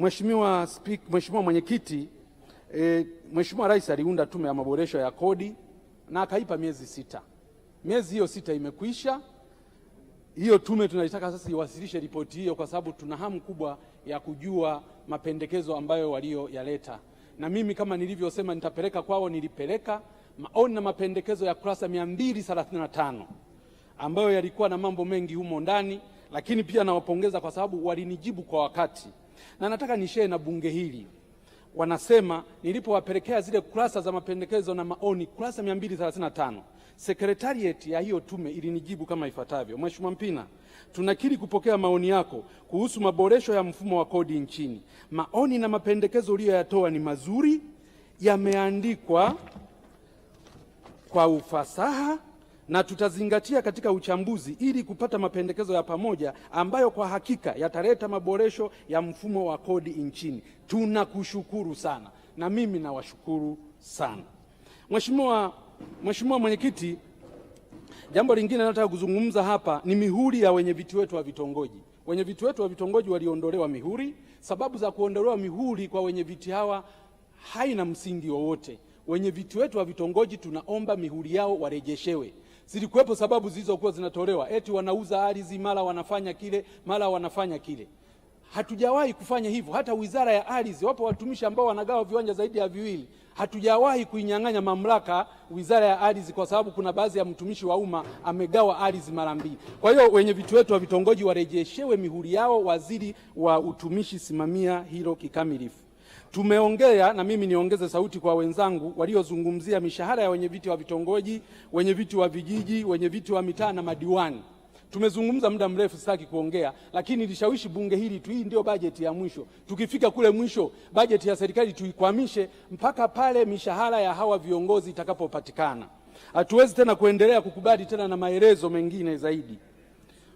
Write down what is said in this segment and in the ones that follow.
Mheshimiwa Spika, Mheshimiwa Mwenyekiti, e, Mheshimiwa Rais aliunda tume ya maboresho ya kodi na akaipa miezi sita. Miezi hiyo sita imekwisha. Hiyo tume tunaitaka sasa iwasilishe ripoti hiyo, kwa sababu tuna hamu kubwa ya kujua mapendekezo ambayo walioyaleta, na mimi kama nilivyosema nitapeleka kwao, nilipeleka maoni na mapendekezo ya kurasa 235 ambayo yalikuwa na mambo mengi humo ndani, lakini pia nawapongeza kwa sababu walinijibu kwa wakati na nataka nishare na bunge hili. Wanasema nilipowapelekea zile kurasa za mapendekezo na maoni, kurasa 235 Sekretariat ya hiyo tume ilinijibu kama ifuatavyo: Mheshimiwa Mpina, tunakiri kupokea maoni yako kuhusu maboresho ya mfumo wa kodi nchini. Maoni na mapendekezo uliyoyatoa ni mazuri, yameandikwa kwa ufasaha na tutazingatia katika uchambuzi ili kupata mapendekezo ya pamoja ambayo kwa hakika yataleta maboresho ya mfumo wa kodi nchini. Tunakushukuru sana na mimi nawashukuru sana. Mheshimiwa Mheshimiwa Mwenyekiti, jambo lingine nataka kuzungumza hapa ni mihuri ya wenyeviti wetu wa vitongoji. Wenyeviti wetu wa vitongoji waliondolewa mihuri. Sababu za kuondolewa mihuri kwa wenye viti hawa haina msingi wowote. wenye viti wetu wa vitongoji tunaomba mihuri yao warejeshewe zilikuwepo sababu zilizokuwa zinatolewa eti wanauza ardhi, mara wanafanya kile, mara wanafanya kile. Hatujawahi kufanya hivyo. Hata wizara ya ardhi, wapo watumishi ambao wanagawa viwanja zaidi ya viwili. Hatujawahi kuinyang'anya mamlaka wizara ya ardhi, kwa sababu kuna baadhi ya mtumishi wa umma amegawa ardhi mara mbili. Kwa hiyo wenye viti wetu wa vitongoji warejeshewe mihuri yao. Waziri wa Utumishi, simamia hilo kikamilifu. Tumeongea na mimi niongeze sauti kwa wenzangu waliozungumzia mishahara ya wenyeviti wa vitongoji, wenyeviti wa vijiji, wenyeviti wa mitaa na madiwani. Tumezungumza muda mrefu, sitaki kuongea, lakini lishawishi bunge hili tu, hii ndio bajeti ya mwisho. Tukifika kule mwisho, bajeti ya serikali tuikwamishe mpaka pale mishahara ya hawa viongozi itakapopatikana. Hatuwezi tena kuendelea kukubali tena na maelezo mengine zaidi.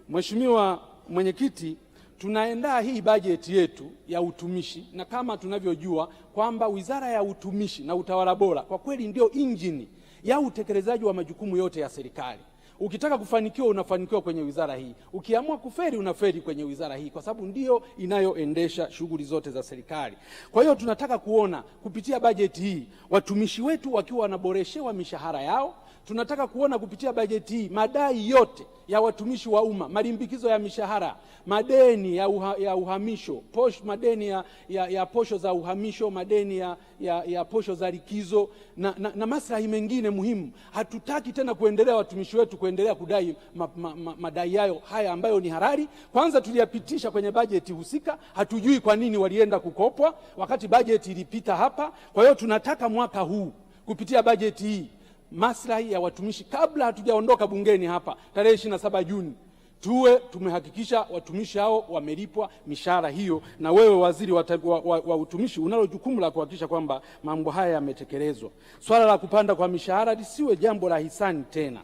Mheshimiwa Mwenyekiti, tunaendaa hii bajeti yetu ya utumishi, na kama tunavyojua kwamba wizara ya utumishi na utawala bora kwa kweli ndio injini ya utekelezaji wa majukumu yote ya serikali. Ukitaka kufanikiwa unafanikiwa kwenye wizara hii, ukiamua kuferi unaferi kwenye wizara hii, kwa sababu ndiyo inayoendesha shughuli zote za serikali. Kwa hiyo tunataka kuona kupitia bajeti hii watumishi wetu wakiwa wanaboreshewa mishahara yao. Tunataka kuona kupitia bajeti hii madai yote ya watumishi wa umma, malimbikizo ya mishahara, madeni ya, uha, ya uhamisho posh, madeni ya, ya, ya posho za uhamisho, madeni ya, ya, ya posho za likizo na, na, na maslahi mengine muhimu. Hatutaki tena kuendelea watumishi wetu kuendelea kudai ma, ma, ma, madai yao haya ambayo ni harari Kwanza tuliyapitisha kwenye bajeti husika, hatujui kwa nini walienda kukopwa wakati bajeti ilipita hapa. Kwa hiyo tunataka mwaka huu kupitia bajeti hii maslahi ya watumishi kabla hatujaondoka bungeni hapa tarehe saba Juni tuwe tumehakikisha watumishi hao wamelipwa mishahara hiyo. Na wewe waziri wa, wa, wa, wa utumishi unalo jukumu la kuhakikisha kwamba mambo haya yametekelezwa. Swala la kupanda kwa mishahara lisiwe jambo la hisani tena.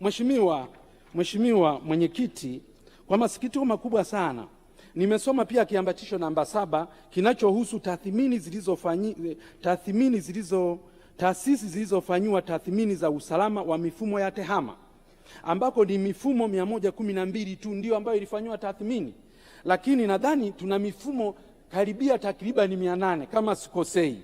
Mheshimiwa, Mheshimiwa Mwenyekiti, kwa masikitiko makubwa sana nimesoma pia kiambatisho namba saba kinachohusu tathmini zilizofanyi tathmini zilizo taasisi zilizofanyiwa tathmini za usalama wa mifumo ya TEHAMA ambako ni mifumo 112 tu ndio ambayo ilifanyiwa tathmini, lakini nadhani tuna mifumo karibia takribani 800 kama sikosei.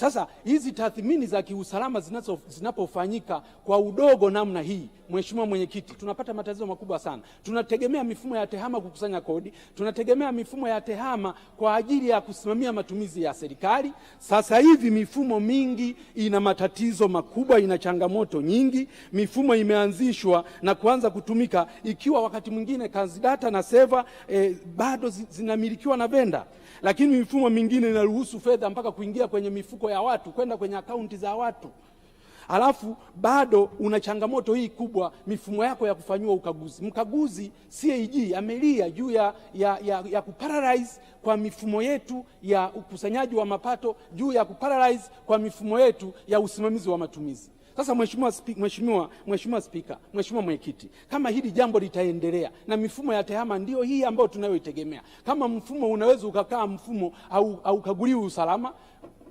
Sasa hizi tathmini za kiusalama zinapofanyika kwa udogo namna hii, Mheshimiwa Mwenyekiti, tunapata matatizo makubwa sana. Tunategemea mifumo ya tehama kukusanya kodi, tunategemea mifumo ya tehama kwa ajili ya kusimamia matumizi ya serikali. Sasa hivi mifumo mingi ina matatizo makubwa, ina changamoto nyingi. Mifumo imeanzishwa na kuanza kutumika ikiwa wakati mwingine kazi data na seva eh, bado zinamilikiwa na venda, lakini mifumo mingine inaruhusu fedha mpaka kuingia kwenye mifuko ya watu kwenda kwenye akaunti za watu, alafu bado una changamoto hii kubwa, mifumo yako ya kufanyiwa ukaguzi. Mkaguzi CAG amelia juu ya, ya, ya, ya kuparalyze kwa mifumo yetu ya ukusanyaji wa mapato, juu ya kuparalyze kwa mifumo yetu ya usimamizi wa matumizi. Sasa mheshimiwa mheshimiwa mheshimiwa Spika, mheshimiwa Mwenyekiti, kama hili jambo litaendelea na mifumo ya tehama ndiyo hii ambayo tunayoitegemea, kama mfumo unaweza ukakaa mfumo au, au kaguliwi usalama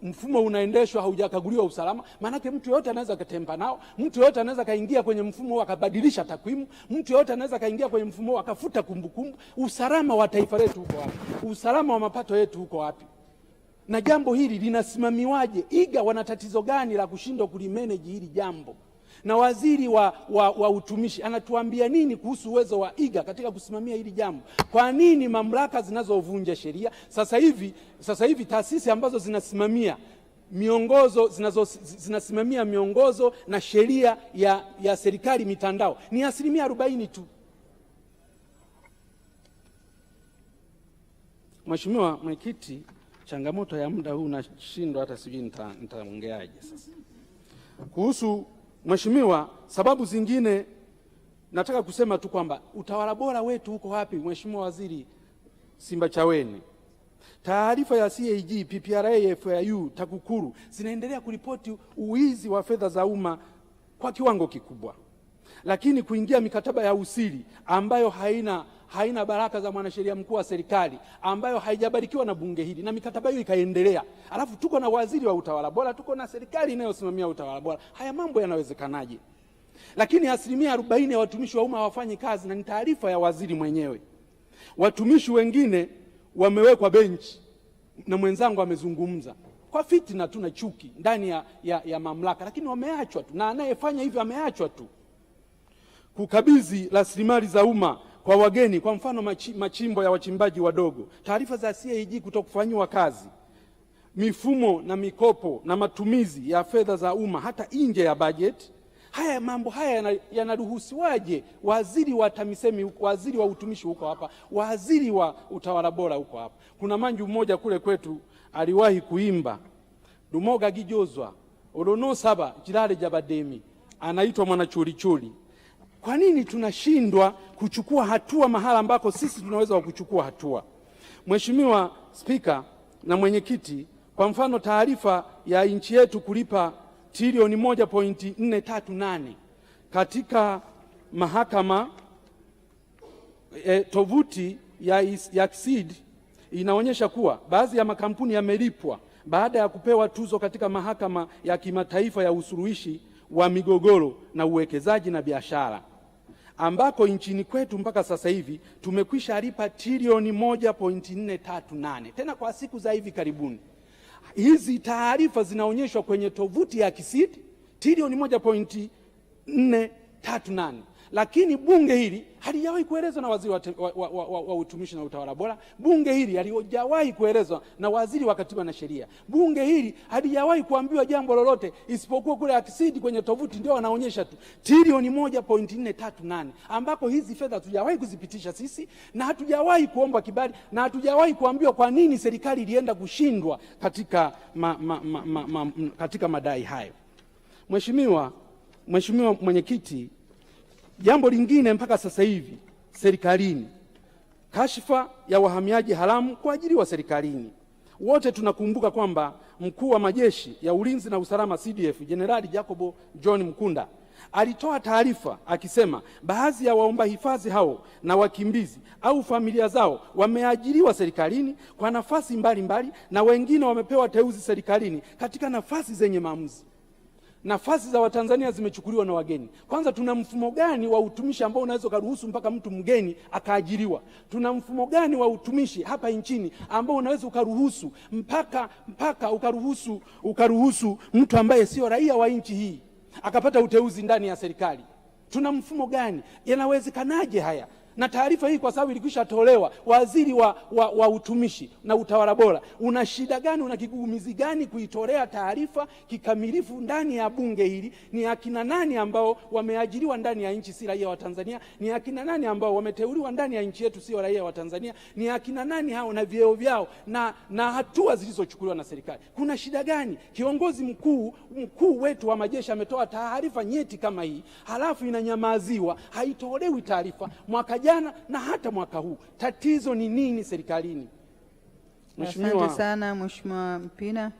mfumo unaendeshwa haujakaguliwa usalama. Maanake mtu yoyote anaweza akatemba nao, mtu yoyote anaweza kaingia kwenye mfumo akabadilisha takwimu, mtu yoyote anaweza kaingia kwenye mfumo akafuta kumbukumbu. Usalama wa taifa letu uko wapi? Usalama wa mapato yetu uko wapi? Na jambo hili linasimamiwaje? Iga wana tatizo gani la kushindwa kulimeneji hili jambo? na waziri wa, wa, wa utumishi anatuambia nini kuhusu uwezo wa iga katika kusimamia hili jambo? Kwa nini mamlaka zinazovunja sheria sasa hivi, sasa hivi taasisi ambazo zinasimamia miongozo zinazo, zinasimamia miongozo na sheria ya, ya serikali mitandao ni asilimia arobaini tu. Mheshimiwa Mwenyekiti, changamoto ya muda huu nashindwa hata sijui nitaongeaje sasa kuhusu Mheshimiwa, sababu zingine nataka kusema tu kwamba utawala bora wetu uko wapi? Mheshimiwa Waziri simba chaweni taarifa ya CAG, PPRA, FAU, TAKUKURU zinaendelea kuripoti uwizi wa fedha za umma kwa kiwango kikubwa, lakini kuingia mikataba ya usiri ambayo haina haina baraka za mwanasheria mkuu wa serikali ambayo haijabarikiwa na bunge hili, na mikataba hiyo ikaendelea, alafu tuko na waziri wa utawala bora, tuko na serikali inayosimamia utawala bora. Haya mambo yanawezekanaje? Lakini asilimia arobaini ya watumishi wa umma hawafanyi kazi, na ni taarifa ya waziri mwenyewe. Watumishi wengine wamewekwa benchi, na mwenzangu amezungumza kwa fitina tu na chuki ndani ya, ya, ya mamlaka, lakini wameachwa tu, na anayefanya hivyo ameachwa tu. Kukabidhi rasilimali za umma kwa wageni, kwa mfano machi, machimbo ya wachimbaji wadogo, taarifa za CAG kutokufanyiwa kazi, mifumo na mikopo na matumizi ya fedha za umma hata nje ya bajeti. Haya mambo haya yanaruhusiwaje? waziri wa TAMISEMI, waziri wa utumishi huko hapa, waziri wa utawala bora huko hapa. Kuna manju mmoja kule kwetu aliwahi kuimba dumoga gijozwa olono saba jilale jabademi, anaitwa mwanachulichuli. Kwa nini tunashindwa kuchukua hatua mahala ambako sisi tunaweza kuchukua hatua? Mheshimiwa Spika na Mwenyekiti, kwa mfano taarifa ya nchi yetu kulipa trilioni nane katika mahakama e, tovuti ya, ya CSID inaonyesha kuwa baadhi ya makampuni yamelipwa baada ya kupewa tuzo katika mahakama ya kimataifa ya usuluhishi wa migogoro na uwekezaji na biashara ambako nchini kwetu mpaka sasa hivi tumekwisha lipa trilioni 1.438 tena kwa siku za hivi karibuni. Hizi taarifa zinaonyeshwa kwenye tovuti ya Kisiti, trilioni 1.438 lakini bunge hili halijawahi kuelezwa na waziri wa, wa, wa, wa, wa utumishi na utawala bora. Bunge hili halijawahi kuelezwa na waziri wa katiba na sheria. Bunge hili halijawahi kuambiwa jambo lolote, isipokuwa kule akisidi kwenye tovuti ndio wanaonyesha tu trilioni moja pointi nne tatu nane ambako hizi fedha hatujawahi kuzipitisha sisi na hatujawahi kuomba kibali na hatujawahi kuambiwa kwa nini serikali ilienda kushindwa katika, ma, ma, ma, ma, ma, katika madai hayo. Mheshimiwa Mheshimiwa mwenyekiti Jambo lingine, mpaka sasa hivi serikalini, kashfa ya wahamiaji haramu kuajiriwa serikalini. Wote tunakumbuka kwamba mkuu wa majeshi ya ulinzi na usalama CDF Jenerali Jacobo John Mkunda alitoa taarifa akisema baadhi ya waomba hifadhi hao na wakimbizi au familia zao wameajiriwa serikalini kwa nafasi mbalimbali mbali, na wengine wamepewa teuzi serikalini katika nafasi zenye maamuzi nafasi za Watanzania zimechukuliwa na wageni. Kwanza, tuna mfumo gani wa utumishi ambao unaweza ukaruhusu mpaka mtu mgeni akaajiriwa? Tuna mfumo gani wa utumishi hapa nchini ambao unaweza ukaruhusu mpaka, mpaka ukaruhusu, ukaruhusu mtu ambaye sio raia wa nchi hii akapata uteuzi ndani ya serikali? Tuna mfumo gani? Yanawezekanaje haya? na taarifa hii kwa sababu ilikwisha tolewa. Waziri wa, wa, wa utumishi na utawala bora, una shida gani? Una kigugumizi gani kuitolea taarifa kikamilifu ndani ya bunge hili? Ni akina nani ambao wameajiriwa ndani ya nchi si raia wa Tanzania? Ni akina nani ambao wameteuliwa ndani ya nchi yetu sio raia wa Tanzania? Ni akina nani hao na vyeo vyao na, na hatua zilizochukuliwa na serikali? Kuna shida gani? Kiongozi mkuu mkuu wetu wa majeshi ametoa taarifa nyeti kama hii, halafu inanyamaziwa, haitolewi taarifa mwaka jana na hata mwaka huu. Tatizo ni nini serikalini? Asante sana Mheshimiwa Mpina.